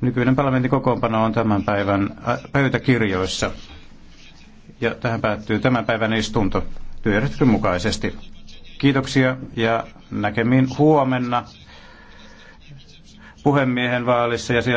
Nykyinen parlamentin kokoonpano on tämän päivän äh, pöytäkirjoissa. Ja tähän päättyy tämän päivän istunto työjärjestyksen mukaisesti. Kiitoksia ja näkemiin huomenna puhemiehen vaalissa ja siellä